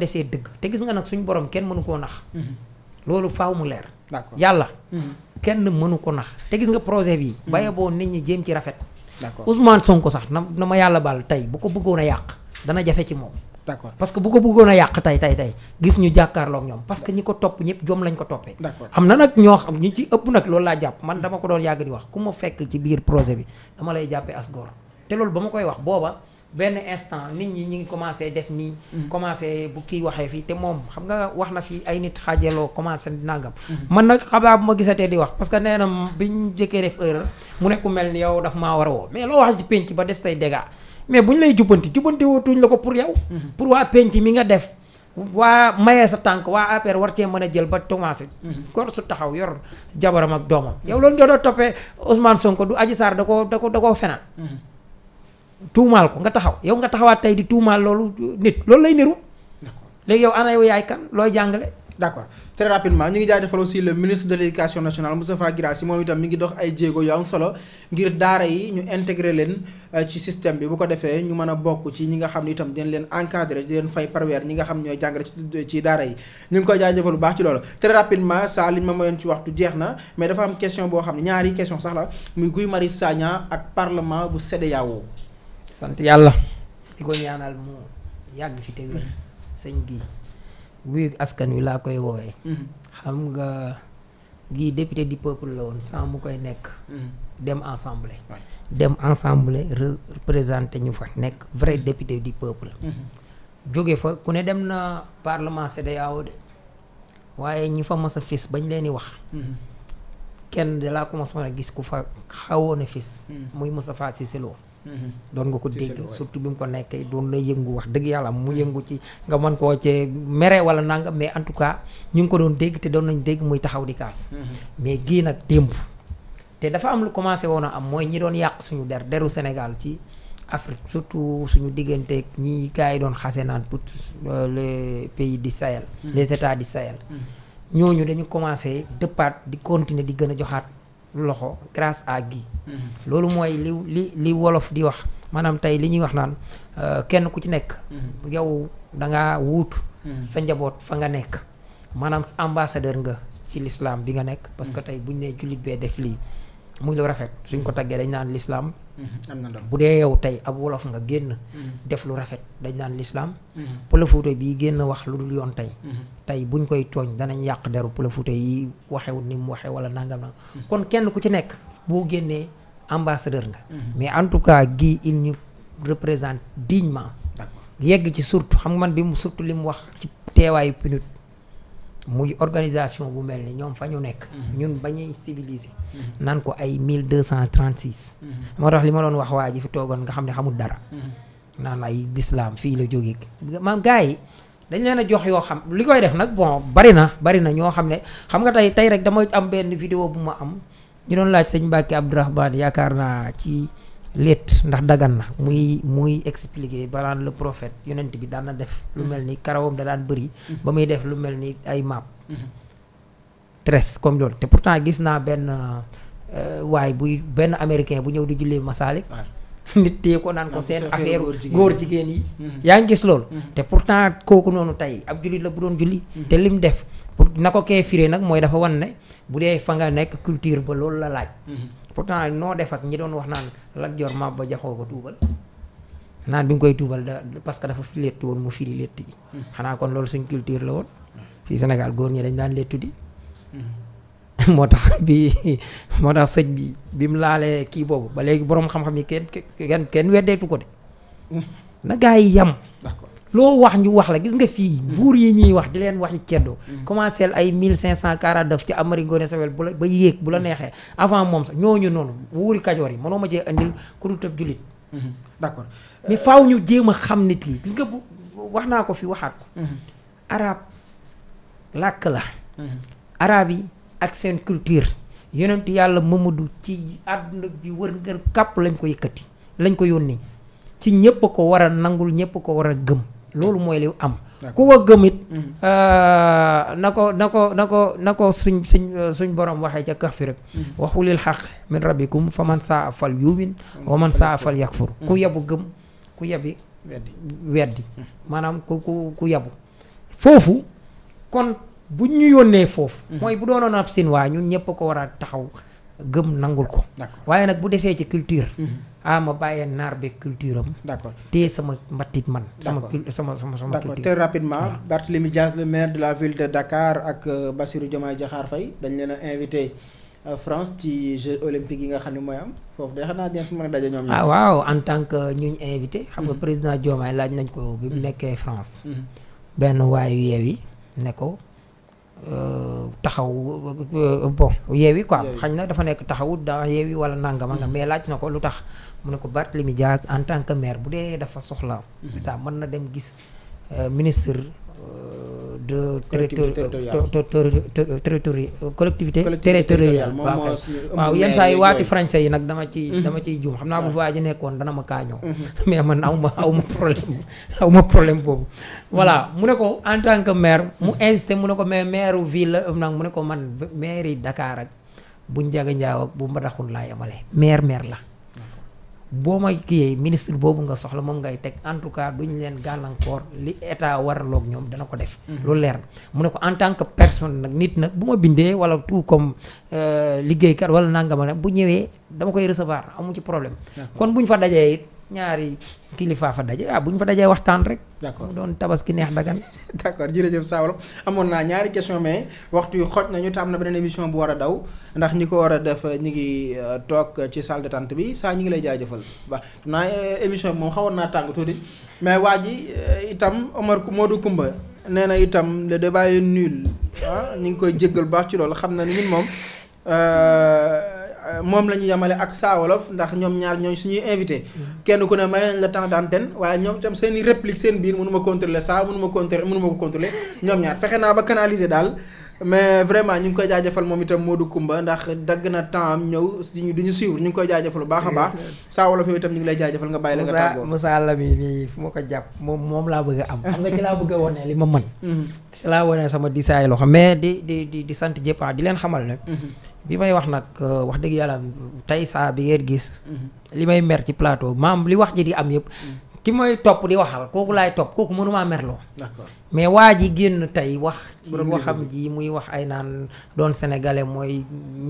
desee dëgg te gis nga nag suñu borom kenn mënu koo nax mhm. loolu faaw mu leer yàlla mhm. kenn mënu ko nax te gis nga projet bi mhm. baye boo nit ñi jéem ci rafet d'accord Ousmane Sonko sax na na ma yàlla baal tey bu ko bëggoon a yàq dana jafe ci moom d'accord parce que bu ko bëggoon a yàq tey tey tey gis ñu jàkkaarloog ñoom parce que ñi ko topp ñëpp jom lañ ko toppee am na nag ñoo xam ñi ci ëpp nag loolu laa jàpp man dama ko doon yàgg di wax ku ma fekk ci biir projet bi dama lay jàppee as góor te benn instant nit ñi ñu ngi commencé def nii. Mm-hmm. commencé bu kiy waxee fii te moom xam nga wax na fii ay nit xaajaloo commencé nangam. Mm-hmm. man nag xabaar bu ma gisatee di wax parce que nee na biñ jëkkee def erreur mu ku mel ni yow daf maa war woo mais loo wax ci penc ba def say dégâts mais bu ñu lay jubbanti jubbanti wootuñ la ko pour yow. Mm-hmm. pour waa penc mi nga def. waa mayee sa tànk waa APR war cee mën a jël ba commencé. góor su taxaw yor jabaram ak doomam. yow loolu nga doon toppee Ousmane Sonko du Adji Sarr da ko da ko da koo fenal. tuumaal ko nga taxaw yow nga taxawaat tey di tuumaal loolu nit loolu lay niru. léegi yow ana yow yaay kan looy jàngale. d'accord très rapidement ñu ngi jaajëfal aussi le ministre de l'éducation nationale Moustapha Guirassy moom itam mi ngi dox ay jéego yu solo ngir daara yi ñu intégrer leen euh, ci système bi bu ko defee ñu mën a bokk ci ñi nga xam ne itam dinañ leen encadrer di leen fay par weer nga xam ñooy jàngale ci daara yi ngi koy jaajëfal bu baax ci loolu très rapidement saa li ma mayoon ci waxtu jeex na mais dafa am question boo xam ne ñaari question sax la muy Guy Marius Sagna ak parlement bu CEDEAO sant yàlla di yaanal ñaanal mu yàgg fi te wér sëñ gi wuyu askan wi laa koy woowee mm-hmm. xam nga gii député du peuple la woon sans mu koy nekk mm-hmm. dem ensemble dem ensemble représenté ñu fa nekk vrai mm-hmm. député du peuple jóge fa ku ne dem na parlement CEDEAO de waaye ñi fa mas a fis bañ leen di wax kenn dalaa commencé a gis ku fa xawoon fis muy Moustapha Cissé Lo Mm-hmm. doon nga ko dégg surtout bi mu ko nekk doon na yëngu wax dëgg yàlla mu yëngu ci nga mën koo cee mere wala nanga mais en tout cas ñu ngi ko doon dégg te doon nañ dégg muy taxaw di kaas mm-hmm. mais gii nag démb te dafa am lu commencé woon a am mooy ñi doon yàq suñu der deru Sénégal ci Afrique surtout suñu digganteeg ñi gars yi doon xase naan pour euh, les pays du Sahel mm-hmm. les états du Sahel ñooñu dañu commencé dëppaat di continuer di gën a joxaat loxo grâce à Guy mm-hmm. loolu mooy li li li wolof di wax maanaam tey li ñuy wax naan euh, kenn ku ci nekk mm-hmm. yow da ngaa wuut mm-hmm. sa njaboot fa nga nekk maanaam ambassadeur nga ci l'islam bi nga nekk parce que tey buñ ne jullit bee def lii muy lu rafet suñ ko taggee dañ naan lislaam mm-hmm. na bu dee yow tey ab wolof nga génn mm-hmm. def lu rafet dañ naan lislaam mm-hmm. pëlëfuute bii génn wax lu dul yoon tey tey buñ koy tooñ danañ yàq deru pëlëfuute yi waxewut ni mu waxe wala nangam na kon kenn ku ci nekk boo génnee ambassadeur nga mais en tout cas gi il ñu représente dignement yegg ci surtout xam nga man bi surtout li mu wax ci teewaayu pinut muy organisation bu mel ni ñoom fa ñu nekk. Mm-hmm. ñun bañuy civiliser. Mm-hmm. naan ko ay mille deux cent trente six. Mm-hmm. moo tax li ma doon wax waa ji fi toogoon nga xam ne xamul dara. naan ay lislaam fii la jógee maam gars yi dañ leen a jox yoo xam li koy def nag bon bari na bari na ñoo xam ne xam nga tey tey rek damay am benn vidéo bu ma am ñu doon laaj sëñ Mbacke Abdourahmane yaakaar naa ci. léet ndax daggan na muy muy expliquer baraan la profet yonent bi daan na def lu mm-hmm. mel ni karawam da daan bëri mm-hmm. ba muy def lu mel ni ay maap mm-hmm. tresse comme loolu te pourtant gis naa benn euh, waaye buy benn américain bu ñëw di jullee masaalik nit téye ko naan ko seen affaire góor jigéen yi yaa ngi gis lool te pourtant kooku noonu tey ab jullit la bu doon julli te lim def pour na ko kee firee nag mooy dafa wan ne bu dee fa nga nekk culture ba loolu la laaj pourtant noo def ak ñi doon wax naan Lat Joor Maba Jaxu ko tuubal naan bi nga koy tuubal da parce que dafa létt woon mu firi létt ji hmm. xanaa kon loolu suñ culture la woon hmm. fii Sénégal góor ñi dañ daan léttu di hmm. moo tax bi moo tax sëñ bi bi mu laalee kii boobu ba léegi boroom xam-xam yi kenn kenn kenn weddeetu ko de na gaa yam loo wax ñu wax la gis nga fii mm. buur yi ñuy wax di leen wax waxi ceddo mm. commencé ay mille cinq cent quarante-neuf ci Amari Ngoone Sawel bu la ba yéeg bu la mm. neexee avant moom sax ñooñu noonu wuuri kajoor yi mënoo ma cee andil ku dul tëb jullit mm-hmm. d'accord mais faaw ñu jéem a xam nit yi gis nga bu wax naa ko fi waxaat ko mm-hmm. arab làkk la mm-hmm. araab yi ak seen culture yonent yàlla Mamadu ci àdduna bi wër ngër kàpp lañ ko yëkkati lañ ko yónni ci ñépp ko war a nangul ñépp ko war a gëm loolu mooy li am ku ko gëmit mm-hmm. euh, na ko na ko na ko na ko suñ suñ euh, suñ borom waxee ca kahfi rek mm-hmm. waxulil xaq min rabbikum fa man saa fal yumin mm-hmm. wa man saa fal yakfur ku yabu gëm ku yabi weddi maanaam ku ku ku yabu foofu kon bu ñu yónnee foofu mooy bu doonoon ab sin waa ñun ñëpp ko waraat a taxaw gëm nangul ko. waaye nag bu desee ci culture. Mhm. ah ma bàyyee naar beeg culture d' accord te sama mbatit man. sama sama sama sama. d' accord très rapidement Barthélémy Dias le maire de la ville de Dakar ak euh, Bassirou Diomaye Diakhar fay dañ leen a invité euh, France ci Jeux olympiques yi nga xam ne mooy am foofu de xanaa a daje ñoom. ah waaw en tant que ñuñ invité. xam nga mhm. président Diomaye laaj nañ ko bi mu mhm. nekkee France. benn waayu yeewi ne ko. Euh, taxaw euh, bon Yewwi quoi xañ na dafa nekk taxawut taxawu da Yewwi wala nangama nga mm. mais laaj na ko lu tax mu ne ko Barthélémy Dias en tant que maire bu dee dafa soxla mm. état mën na dem gis euh, ministre de territori collectivité territoriale waaw yenn saa yi waati français yi nag dama ci mhm. dama ciy juum xam naa bu waa ji nekkoon dana ma kaañoo mhm. mais man aw ma aw ma problème aw ma problème boobu voilà mu ne ko en tant que maire mu insisté mu ne ko mais maire ville nag mu ne ko man maire yi Dakar ak bu Njaga Njaaw ak bu Mbadakhoune laa yemale maire maire la boo ma kiyee ministre boobu nga soxla moom ngay teg en tout cas duñ leen gàllankoor li état waraloog ñoom dana ko def. Mhm. lu leer mu ne ko en tant que personne nag nit nag bu ma bindee wala tout comme euh, liggéeykat wala ma ne bu ñëwee dama koy recevoir amu ci problème. kon buñ fa dajee it ñaari kilifaa fa daje waaw ah, bu ñu fa dajee waxtaan rek. d'accord mu doon tabaski neex dagan. d'accord jërëjëf Sawalo amoon naa ñaari question mais waxtu yu xoj nañu te am na beneen émission bu war a daw ndax ñi ko war a def ñi ngi euh, toog ci salle tant bi saa ñi ngi lay jaajëfal ba naa euh, émission bi moom xawoon naa tàng tuuti mais waa ji euh, itam Omar Modou Koumba nee na itam le débat est nul ah ñu ngi koy jëggal baax ci loolu xam na ni ñun moom. Euh, moom la ñu yemale ak Saa Wolof ndax ñoom ñaar ñooñ suñuy invité mm-hmm. kenn ku ne may nañ la temps d'antenne waaye ñoom itam seeni i réplique seen biir mënu ma saa mënu ma contrôler mënu ma ko contrôler ñoom ñaar fexe naa ba canaliser daal mais vraiment ñu ngi koy jaajëfal moom itam moo du Koumba ndax dagg na temps am ñëw diñu di ñu suivre ñu ngi koy jaajëfal bu baax a baax Saa Wolof yow itam ñu ngi lay jaajëfal nga bàyyi la nga tàggoo Moussa Lamine nii fu ma ko jàpp moom moom laa bëgg a am xam nga ci laa bëgg a wone li ma man mm-hmm. ci laa wone sama di saay loxo mais di di di di sant jëpp ah, di leen xamal ne mm-hmm. bi may wax nag euh, wax dëgg yàlla tey saa bi ngeen gis mm-hmm. li may mer ci plateau maam li wax ji di am yëpp ki mooy topp di waxal kooku laay topp kooku mënumaa merloo mais waa ji génn tey wax ci waxam ji muy wax ay naan doon sénégalais mooy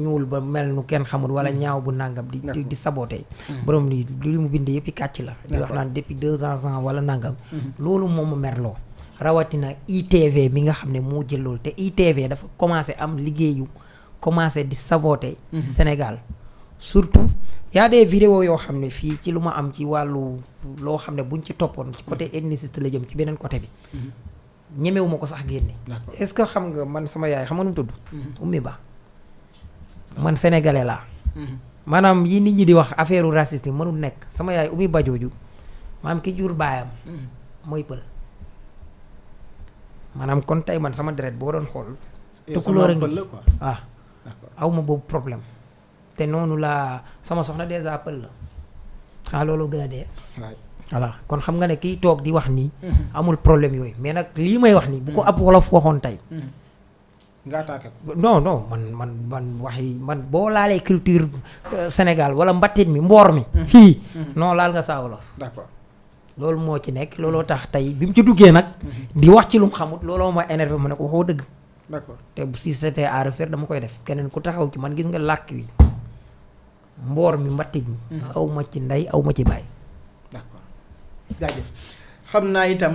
ñuul ba mel nu kenn xamul wala mm. ñaaw bu nàngam di di saboté mm. borom li li mu bind yëpp kàcc la di wax naan depuis deux ans ans wala nàngam mm-hmm. loolu moom merloo rawatina ITV mi nga xam ne moo jël loolu te ITV dafa commencé am liggéeyu commencé di saboté mm-hmm. Sénégal surtout y a des vidéos yoo xam ne fii ci lu ma am ci wàllu loo xam ne buñ ci toppoon ci côté mm-hmm. ethniciste la jëm ci beneen côté bi mm-hmm. ñemewu ma ko sax génne est ce que xam nga man sama yaay xam nga nu mu tudd mm-hmm. ummi ba man sénégalais laa maanaam yi nit ñi di wax affaire raciste mënul nekk sama yaay ummi ba jooju maam ki jur baayam mooy pël maanaam kon tey man sama deret boo doon xool eh, tukulóor a ngi waaw aw ma boobu problème te noonu laa sama soxna dèjà pël la xanaa ah, loolu gën a dee. voilà kon xam nga ne kiy toog di wax nii. Mhm. amul problème yooyu mais nag lii may wax nii. bu ko mhm. ab wolof waxoon tey. Mhm. nga attaqué ko. non non man man boo laalee culture euh, Sénégal wala mbattit mi mboor mi. fii laal nga saa wolof. loolu moo ci nekk looloo tax tey bi mu ci duggee nag. di wax ci lu mu xamut looloo ma énervé ma ne ko waxoo dëgg. d'accord te si c'était à refaire dama koy def keneen ku taxaw ci man gis nga làkk wi. mboor mi mbattit mi mm-hmm. aw ma ci ndey aw ma ci bàyyi xam naa itam